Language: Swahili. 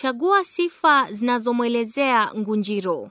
Chagua sifa zinazomwelezea Ngunjiro.